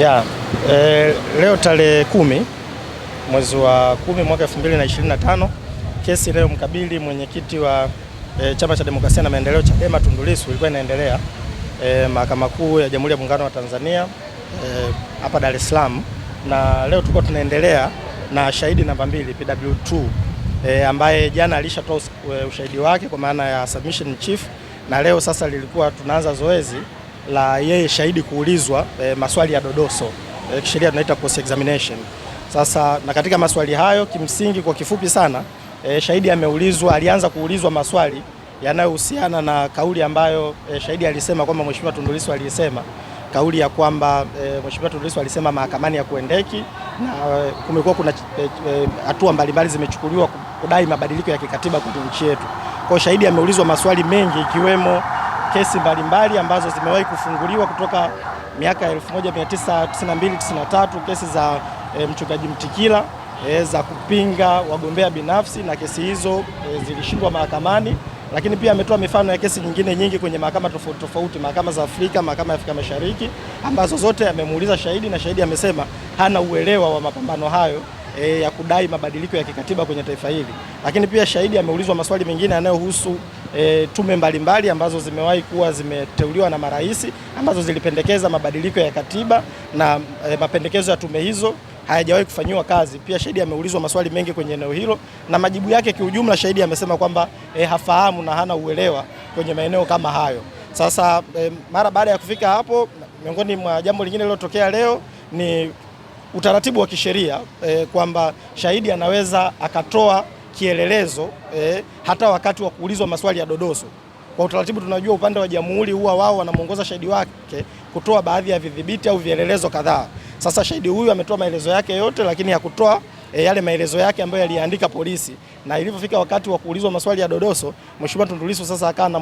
Ya, e, leo tarehe kumi mwezi wa kumi mwaka 2025 kesi leo mkabili mwenyekiti wa e, Chama cha Demokrasia na Maendeleo Chadema Tundu Lissu ilikuwa inaendelea e, Mahakama Kuu ya Jamhuri ya Muungano wa Tanzania e, hapa e, Dar es Salaam, na leo tulikuwa tunaendelea na shahidi namba mbili PW2 e, ambaye jana alishatoa e, ushahidi wake kwa maana ya submission chief, na leo sasa lilikuwa tunaanza zoezi la yeye shahidi kuulizwa e, maswali ya dodoso e, kisheria tunaita cross examination. Sasa na katika maswali hayo kimsingi, kwa kifupi sana e, shahidi ameulizwa, alianza kuulizwa maswali yanayohusiana na kauli ambayo e, shahidi alisema kwamba Mheshimiwa Tundu Lissu alisema kauli ya kwamba e, Mheshimiwa Tundu Lissu alisema mahakamani ya kuendeki na e, kumekuwa kuna hatua e, mbalimbali zimechukuliwa kudai mabadiliko ya kikatiba kwenye nchi yetu. Kwa shahidi ameulizwa maswali mengi ikiwemo kesi mbalimbali ambazo zimewahi kufunguliwa kutoka miaka 1992 93, kesi za e, mchungaji Mtikila e, za kupinga wagombea binafsi na kesi hizo e, zilishindwa mahakamani, lakini pia ametoa mifano ya kesi nyingine nyingi kwenye mahakama tofauti tofauti, mahakama za Afrika, mahakama ya Afrika Mashariki, ambazo zote amemuuliza shahidi na shahidi amesema hana uelewa wa mapambano hayo e, ya kudai mabadiliko ya kikatiba kwenye taifa hili. Lakini pia shahidi ameulizwa maswali mengine yanayohusu e, tume mbalimbali ambazo zimewahi kuwa zimeteuliwa na marais ambazo zilipendekeza mabadiliko ya katiba na e, mapendekezo ya tume hizo hayajawahi kufanyiwa kazi. Pia Shahidi ameulizwa maswali mengi kwenye eneo hilo na majibu yake kiujumla, Shahidi amesema kwamba e, hafahamu na hana uelewa kwenye maeneo kama hayo. Sasa e, mara baada ya kufika hapo, miongoni mwa jambo lingine lilotokea leo ni utaratibu wa kisheria e, kwamba shahidi anaweza akatoa kielelezo eh, hata wakati wa kuulizwa maswali ya dodoso. Kwa utaratibu tunajua upande wa jamhuri huwa wao wanamwongoza shahidi wake kutoa baadhi ya vidhibiti au vielelezo kadhaa. Sasa shahidi huyu ametoa maelezo yake yote, lakini hakutoa e, yale maelezo yake ambayo yaliandika polisi, na ilivyofika wakati wa kuulizwa maswali ya dodoso, mheshimiwa Tundu Lissu sasa akaa na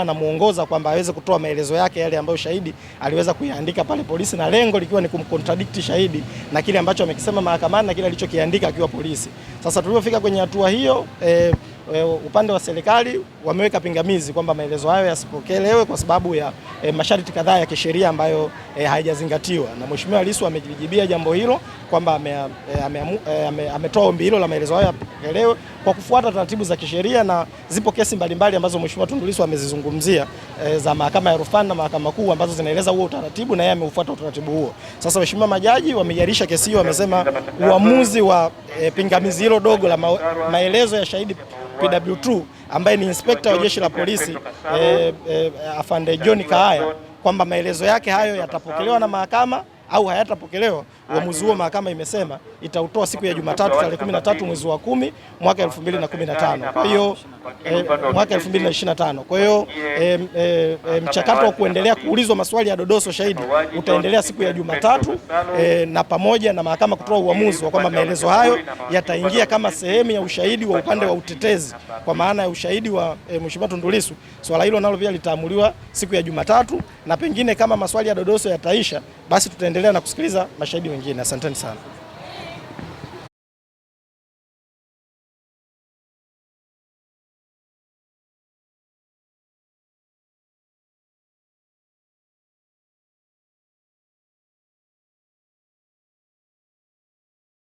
e, na muongoza kwamba aweze kutoa maelezo yake yale ambayo shahidi aliweza kuyaandika pale polisi, na lengo likiwa ni kumcontradict shahidi na kile ambacho amekisema mahakamani na kile alichokiandika akiwa polisi. Sasa tulivyofika kwenye hatua hiyo e, e, upande wa serikali wameweka pingamizi kwamba maelezo hayo yasipokelewe kwa sababu ya e, masharti kadhaa ya kisheria ambayo e, eh, haijazingatiwa. na Mheshimiwa Lissu amejijibia jambo hilo kwamba eh, ametoa ame, ame, ame, ombi hilo la maelezo hayo yapokelewe kwa kufuata taratibu za kisheria, na zipo kesi mbalimbali ambazo Mheshimiwa Tundu Lissu amezizungumzia e, za mahakama ya rufani na mahakama kuu ambazo zinaeleza huo utaratibu na yeye ameufuata utaratibu huo. Sasa Mheshimiwa majaji wamejarisha kesi hiyo, wamesema uamuzi wa e, pingamizi hilo dogo la ma, maelezo ya shahidi PW2 ambaye ni inspekta wa jeshi la polisi eh, eh, afande John Kahaya kwamba maelezo yake hayo yatapokelewa na mahakama au hayatapokelewa, uamuzi huo mahakama imesema itautoa siku ya Jumatatu tarehe 13 mwezi wa kumi mwaka 2015. Kwa hiyo eh, mwaka 2025. Kwa hiyo eh, eh, eh, mchakato wa kuendelea kuulizwa maswali ya dodoso shahidi utaendelea siku ya Jumatatu eh, na pamoja na mahakama kutoa uamuzi wa kwamba maelezo hayo yataingia kama sehemu ya ushahidi wa upande wa utetezi kwa maana ya ushahidi wa eh, Mheshimiwa Tundu Lissu. Swala hilo nalo pia litaamuliwa siku ya Jumatatu na pengine kama maswali ya dodoso yataisha basi tutaendelea Endelea na kusikiliza mashahidi wengine. Asanteni sana.